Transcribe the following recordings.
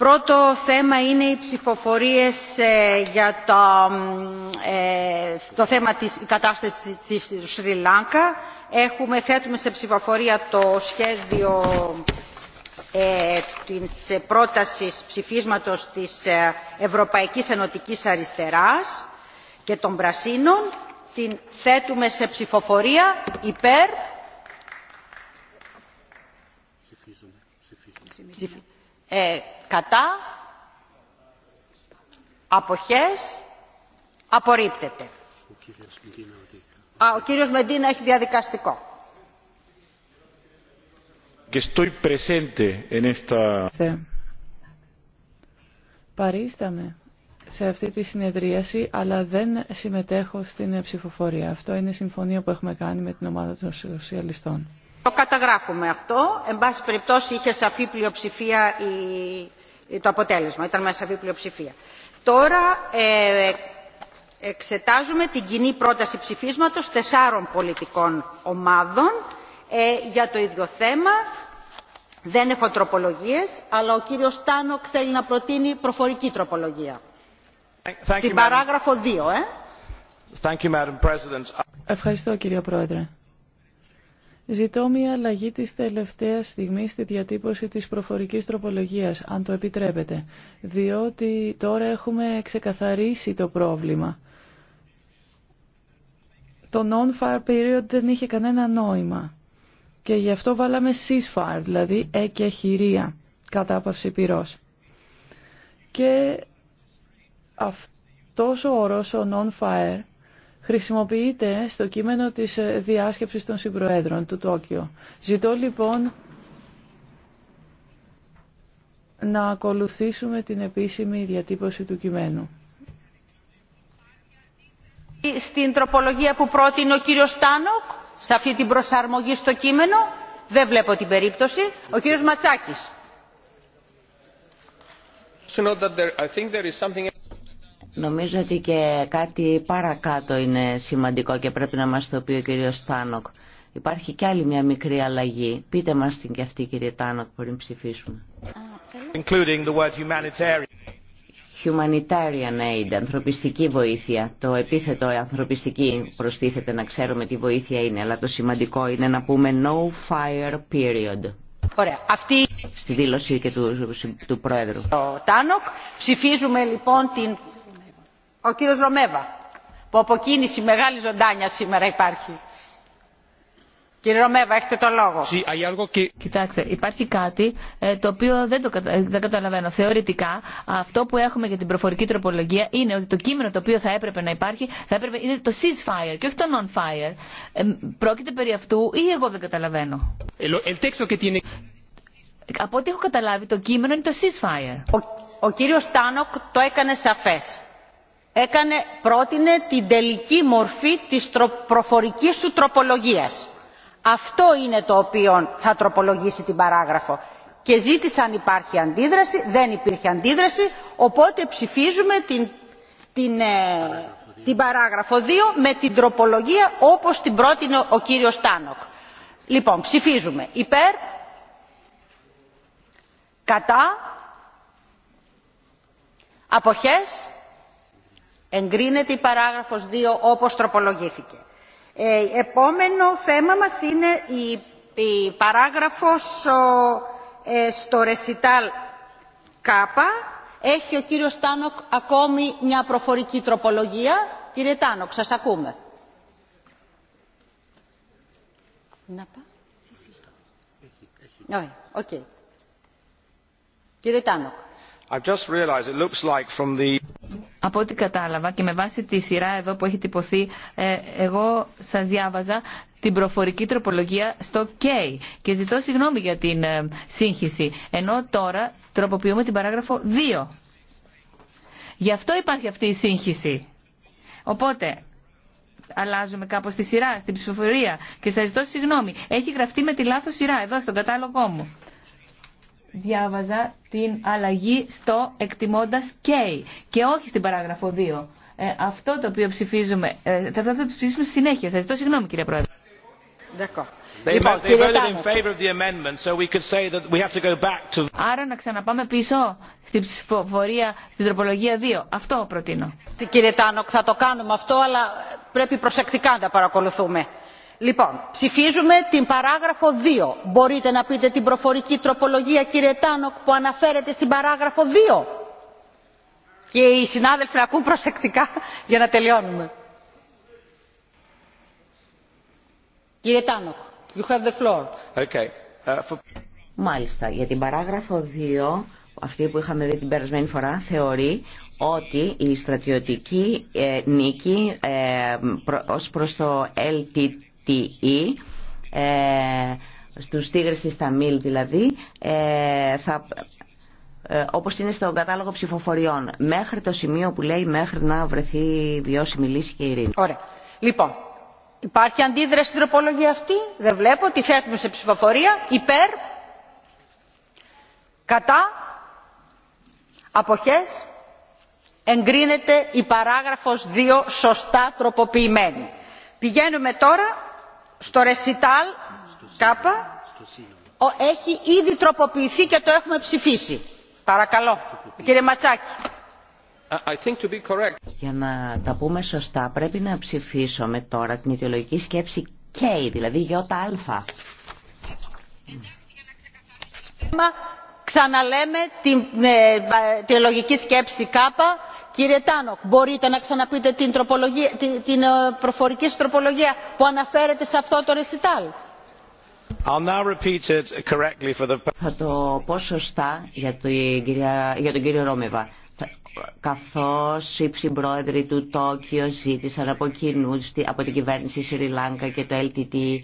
Πρώτο θέμα είναι οι ψηφοφορίες ε, για ε, το, θέμα της κατάστασης στη Σρι Λάγκα. Έχουμε, θέτουμε σε ψηφοφορία το σχέδιο ε, της πρότασης ψηφίσματος της ε, Ευρωπαϊκής Ενωτικής Αριστεράς και των Πρασίνων. Την θέτουμε σε ψηφοφορία υπέρ... Ψηφίζουμε. Ε, κατά αποχές απορρίπτεται. Ο κύριος Μεντίνα, έχει διαδικαστικό. Και Παρίσταμε σε αυτή τη συνεδρίαση, αλλά δεν συμμετέχω στην ψηφοφορία. Αυτό είναι η συμφωνία που έχουμε κάνει με την ομάδα των σοσιαλιστών. Το καταγράφουμε αυτό. Εν πάση περιπτώσει είχε σαφή πλειοψηφία η... το αποτέλεσμα. Ήταν με σαφή πλειοψηφία. Τώρα ε, εξετάζουμε την κοινή πρόταση ψηφίσματος τεσσάρων πολιτικών ομάδων ε, για το ίδιο θέμα. Δεν έχω τροπολογίες, αλλά ο κύριος Τάνοκ θέλει να προτείνει προφορική τροπολογία. Στην παράγραφο 2, ε. Ευχαριστώ, κύριε Πρόεδρε. Ζητώ μια αλλαγή τη τελευταία στιγμή στη διατύπωση της προφορική τροπολογίας, αν το επιτρέπετε, διότι τώρα έχουμε ξεκαθαρίσει το πρόβλημα. Το non-fire period δεν είχε κανένα νόημα και γι' αυτό βάλαμε ceasefire, δηλαδή εκεχηρία, κατάπαυση πυρός. Και αυτός ο όρος, ο non-fire, χρησιμοποιείται στο κείμενο της ε, διάσκεψης των συμπροέδρων του Τόκιο. Ζητώ λοιπόν να ακολουθήσουμε την επίσημη διατύπωση του κειμένου. Στην τροπολογία που πρότεινε ο κύριος Τάνοκ, σε αυτή την προσαρμογή στο κείμενο, δεν βλέπω την περίπτωση. Ο κύριος Ματσάκης. Νομίζω ότι και κάτι παρακάτω είναι σημαντικό και πρέπει να μας το πει ο κύριος Τάνοκ. Υπάρχει κι άλλη μια μικρή αλλαγή. Πείτε μας την και αυτή κύριε Τάνοκ πριν ψηφίσουμε. Including the word humanitarian. Humanitarian aid, ανθρωπιστική βοήθεια. Το επίθετο ανθρωπιστική προστίθεται να ξέρουμε τι βοήθεια είναι, αλλά το σημαντικό είναι να πούμε no fire period. Στη δήλωση και του, του Πρόεδρου. Το Τάνοκ. Ψηφίζουμε λοιπόν την ο κύριος Ρωμέβα, που από κίνηση μεγάλη ζωντάνια σήμερα υπάρχει. Κύριε Ρωμέβα, έχετε το λόγο. Κοιτάξτε, υπάρχει κάτι ε, το οποίο δεν το κατα... δεν καταλαβαίνω. Θεωρητικά, αυτό που έχουμε για την προφορική τροπολογία είναι ότι το κείμενο το οποίο θα έπρεπε να υπάρχει θα έπρεπε... είναι το ceasefire και όχι το non-fire. Ε, πρόκειται περί αυτού ή εγώ δεν καταλαβαίνω. Ε, από ό,τι έχω καταλάβει, το κείμενο είναι το ceasefire. Ο, ο κύριος Τάνοκ το έκανε σαφές έκανε, πρότεινε την τελική μορφή της προφορικής του τροπολογίας. Αυτό είναι το οποίο θα τροπολογήσει την παράγραφο. Και ζήτησαν αν υπάρχει αντίδραση, δεν υπήρχε αντίδραση, οπότε ψηφίζουμε την, την, ε, την παράγραφο 2 με την τροπολογία όπως την πρότεινε ο κύριος Τάνοκ. Λοιπόν, ψηφίζουμε υπέρ, κατά, αποχές, Εγκρίνεται η παράγραφος 2 όπως τροπολογήθηκε. Ε, επόμενο θέμα μας είναι η, η παράγραφος ε, στο Ρεσιτάλ Κάπα. Έχει ο κύριος Τάνοκ ακόμη μια προφορική τροπολογία. Κύριε Τάνοκ, σας ακούμε. Να Κύριε Τάνοκ. I've just realized it looks like from από ό,τι κατάλαβα και με βάση τη σειρά εδώ που έχει τυπωθεί, ε, εγώ σας διάβαζα την προφορική τροπολογία στο K και ζητώ συγγνώμη για την ε, σύγχυση. Ενώ τώρα τροποποιούμε την παράγραφο 2. Γι' αυτό υπάρχει αυτή η σύγχυση. Οπότε, αλλάζουμε κάπως τη σειρά, στην ψηφοφορία και σας ζητώ συγγνώμη. Έχει γραφτεί με τη λάθος σειρά εδώ στον κατάλογό μου διάβαζα την αλλαγή στο εκτιμώντας K και όχι στην παράγραφο 2. Ε, αυτό το οποίο ψηφίζουμε, ε, θα το ψηφίσουμε στη συνέχεια. Σας ζητώ συγγνώμη κύριε Πρόεδρε. Άρα να ξαναπάμε πίσω στην ψηφοφορία, στην τροπολογία 2. Αυτό προτείνω. Κύριε Τάνοκ, θα το κάνουμε αυτό, αλλά πρέπει προσεκτικά να τα παρακολουθούμε. Λοιπόν, ψηφίζουμε την παράγραφο 2. Μπορείτε να πείτε την προφορική τροπολογία, κύριε Τάνοκ, που αναφέρεται στην παράγραφο 2. Και οι συνάδελφοι να ακούν προσεκτικά για να τελειώνουμε. Κύριε Τάνοκ, you have the floor. Okay. Uh, Μάλιστα, για την παράγραφο 2, αυτή που είχαμε δει την περασμένη φορά, θεωρεί ότι η στρατιωτική ε, νίκη ε, ως προς το LTT Στου e, ε, στους τίγρες της Ταμίλ δηλαδή, ε, θα, ε, όπως είναι στον κατάλογο ψηφοφοριών, μέχρι το σημείο που λέει μέχρι να βρεθεί βιώσιμη λύση και ειρήνη. Ωραία. Λοιπόν, υπάρχει αντίδραση στην τροπολογία αυτή, δεν βλέπω, τη θέτουμε σε ψηφοφορία, υπέρ, κατά, αποχές, εγκρίνεται η παράγραφος 2 σωστά τροποποιημένη. Πηγαίνουμε τώρα στο ρεσιτάλ κάπα έχει ήδη τροποποιηθεί και το έχουμε ψηφίσει. Παρακαλώ, κύριε Ματσάκη. Για να τα πούμε σωστά πρέπει να ψηφίσουμε τώρα την ιδεολογική σκέψη K, δηλαδή ΙΑ. Ξαναλέμε την, ε, ε, ιδεολογική σκέψη ΚΑΠΑ. Κύριε Τάνοκ, μπορείτε να ξαναπείτε την, ε, προφορική την προφορική τροπολογία που αναφέρεται σε αυτό το ρεσιτάλ. Θα το πω σωστά για, τον κύριο Ρόμεβα. Καθώς οι ψυμπρόεδροι του Τόκιο ζήτησαν από κοινού, από την κυβέρνηση Σρι και το LTT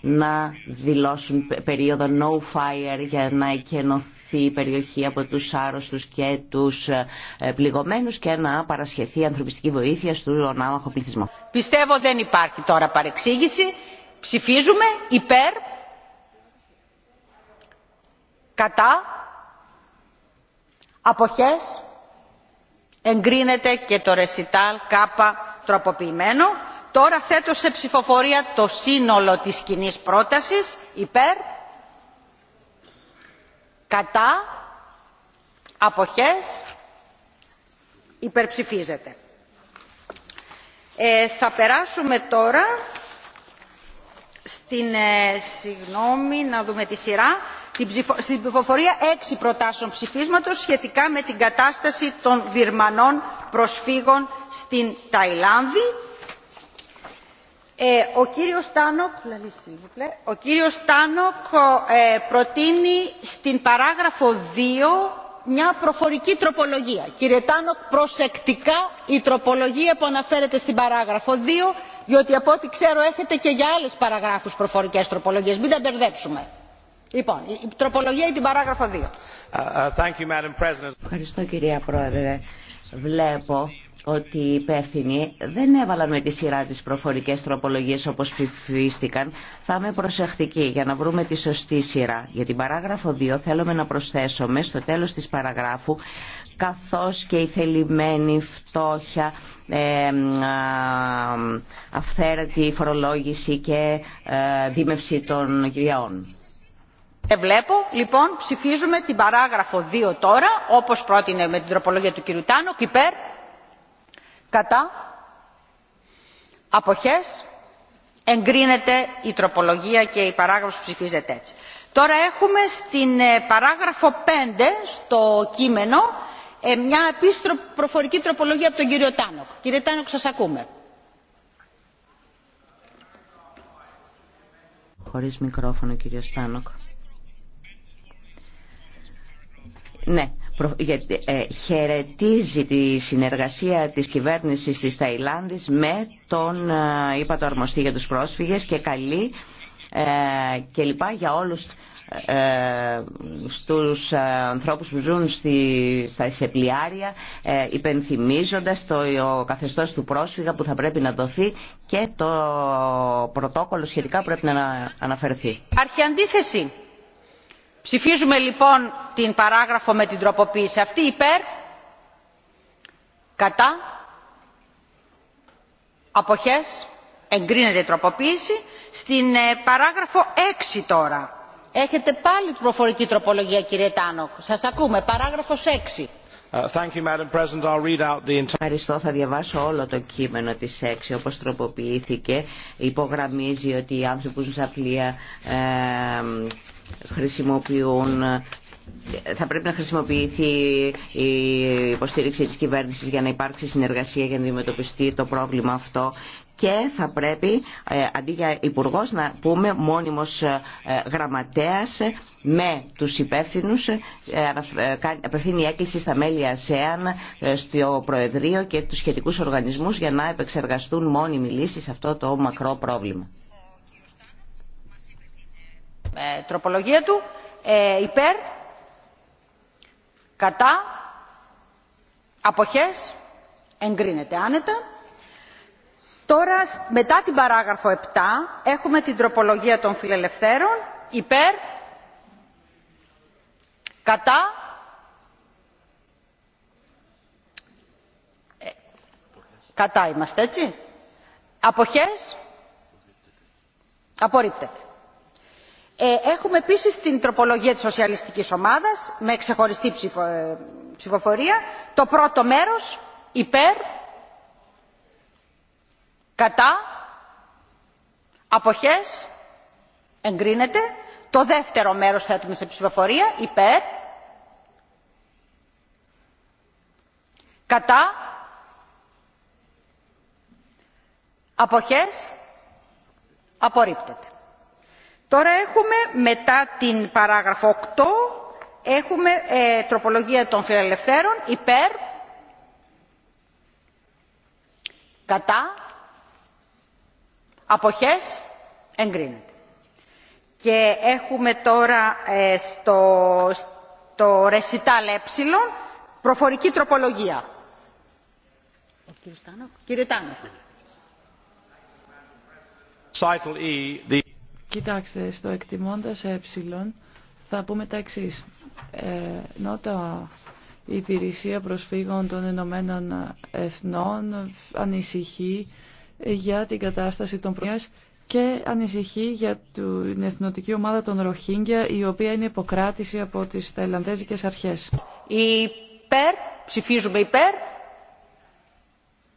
να δηλώσουν περίοδο no fire για να εκενωθεί η περιοχή από τους άρρωστους και τους ε, πληγωμένους και να παρασχεθεί ανθρωπιστική βοήθεια στον άμαχο πληθυσμό. Πιστεύω δεν υπάρχει τώρα παρεξήγηση. Ψηφίζουμε υπέρ, κατά, αποχές, εγκρίνεται και το ρεσιτάλ κάπα τροποποιημένο. Τώρα θέτω σε ψηφοφορία το σύνολο της κοινή πρότασης υπέρ, κατά αποχές υπερψηφίζεται. Ε, θα περάσουμε τώρα στην, ε, να δούμε τη σειρά, στην, ψηφο, ψηφοφορία έξι προτάσεων ψηφίσματος σχετικά με την κατάσταση των Βυρμανών προσφύγων στην Ταϊλάνδη ε, ο κύριος Τάνοκ, ε, προτείνει στην παράγραφο 2 μια προφορική τροπολογία. Κύριε Τάνοκ, προσεκτικά η τροπολογία που αναφέρεται στην παράγραφο 2, διότι από ό,τι ξέρω έχετε και για άλλες παραγράφους προφορικές τροπολογίες. Μην τα μπερδέψουμε. Λοιπόν, η τροπολογία ή την παράγραφο 2. Uh, uh, Ευχαριστώ κυρία Πρόεδρε. Βλέπω ότι οι υπεύθυνοι δεν έβαλαν με τη σειρά τις προφορικές τροπολογίες όπως ψηφίστηκαν. Θα είμαι προσεκτική για να βρούμε τη σωστή σειρά. Για την παράγραφο 2 θέλουμε να προσθέσουμε στο τέλος της παραγράφου καθώς και η θελημένη φτώχεια, ε, αυθαίρετη φορολόγηση και ε, δίμευση των κυριών. Ε, βλέπω, λοιπόν, ψηφίζουμε την παράγραφο 2 τώρα, όπως πρότεινε με την τροπολογία του κ. Τάνο, υπέρ κατά αποχές εγκρίνεται η τροπολογία και η παράγραφος ψηφίζεται έτσι. Τώρα έχουμε στην ε, παράγραφο 5 στο κείμενο ε, μια επίστροφη προφορική τροπολογία από τον κύριο Τάνοκ. Κύριε Τάνοκ σας ακούμε. Χωρίς μικρόφωνο κύριε Τάνοκ. Ναι, ε, χαιρετίζει τη συνεργασία της κυβέρνησης της Ταϊλάνδης με τον ε, είπα το αρμοστή για τους πρόσφυγες και καλεί και λοιπά για όλους ε, στους ανθρώπους που ζουν στα εισεπλιάρια υπενθυμίζοντας το καθεστώς του πρόσφυγα που θα πρέπει να δοθεί και το πρωτόκολλο σχετικά πρέπει να αναφερθεί. Αρχιαντίθεση. Ψηφίζουμε λοιπόν την παράγραφο με την τροποποίηση αυτή υπέρ κατά αποχές εγκρίνεται η τροποποίηση στην ε, παράγραφο 6 τώρα έχετε πάλι προφορική τροπολογία κύριε Τάνοκ σας ακούμε παράγραφος 6 uh, Ευχαριστώ. Θα διαβάσω όλο το κείμενο της 6 όπως τροποποιήθηκε. Υπογραμμίζει ότι οι άνθρωποι που ζουν σε απλία ε, χρησιμοποιούν θα πρέπει να χρησιμοποιηθεί η υποστήριξη της κυβέρνησης για να υπάρξει συνεργασία για να αντιμετωπιστεί το πρόβλημα αυτό και θα πρέπει ε, αντί για υπουργό να πούμε μόνιμος ε, γραμματέας με τους υπεύθυνους ε, απευθύνει η έκκληση στα μέλη ΑΣΕΑΝ στο Προεδρείο και τους σχετικούς οργανισμούς για να επεξεργαστούν μόνιμη λύση σε αυτό το μακρό πρόβλημα. του κατά αποχές εγκρίνεται άνετα τώρα μετά την παράγραφο 7 έχουμε την τροπολογία των φιλελευθέρων υπέρ κατά ε, κατά είμαστε έτσι αποχές απορρίπτεται ε, έχουμε επίσης την τροπολογία της σοσιαλιστικής ομάδας με ξεχωριστή ε, ψηφοφορία. Το πρώτο μέρος υπέρ, κατά, αποχές, εγκρίνεται. Το δεύτερο μέρος θέτουμε σε ψηφοφορία υπέρ, κατά, αποχές, απορρίπτεται. Τώρα έχουμε μετά την παράγραφο 8 έχουμε ε, τροπολογία των φιλελευθέρων υπέρ κατά αποχές εγκρίνεται. Και έχουμε τώρα ε, στο, στο ρεσιτάλ ε προφορική τροπολογία. Κοιτάξτε, στο εκτιμώντας ε θα πούμε τα εξής. Ε, ενώ η υπηρεσία προσφύγων των Ηνωμένων Εθνών ανησυχεί για την κατάσταση των προσφύγων και ανησυχεί για την εθνοτική ομάδα των Ροχίνγκια η οποία είναι υποκράτηση από τις Ταϊλανδέζικες αρχές. Υπέρ, ψηφίζουμε υπέρ,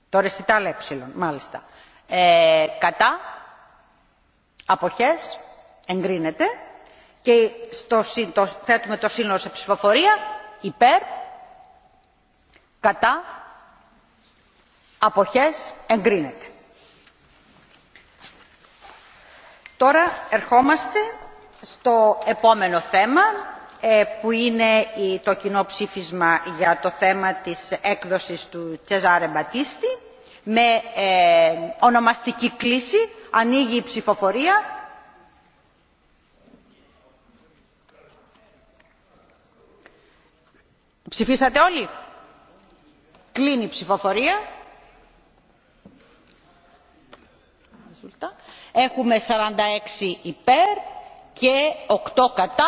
το ρεσιτάλ ε, μάλιστα. Ε, κατά, Αποχές. Εγκρίνεται. Και στο, το, θέτουμε το σύνολο σε ψηφοφορία. Υπέρ. Κατά. Αποχές. Εγκρίνεται. Τώρα ερχόμαστε στο επόμενο θέμα ε, που είναι το κοινό ψήφισμα για το θέμα της έκδοσης του Τσεζάρε Μπατίστη με ε, ονομαστική κλίση. Ανοίγει η ψηφοφορία. Ψηφίσατε όλοι. Κλείνει η ψηφοφορία. Έχουμε 46 υπέρ και 8 κατά.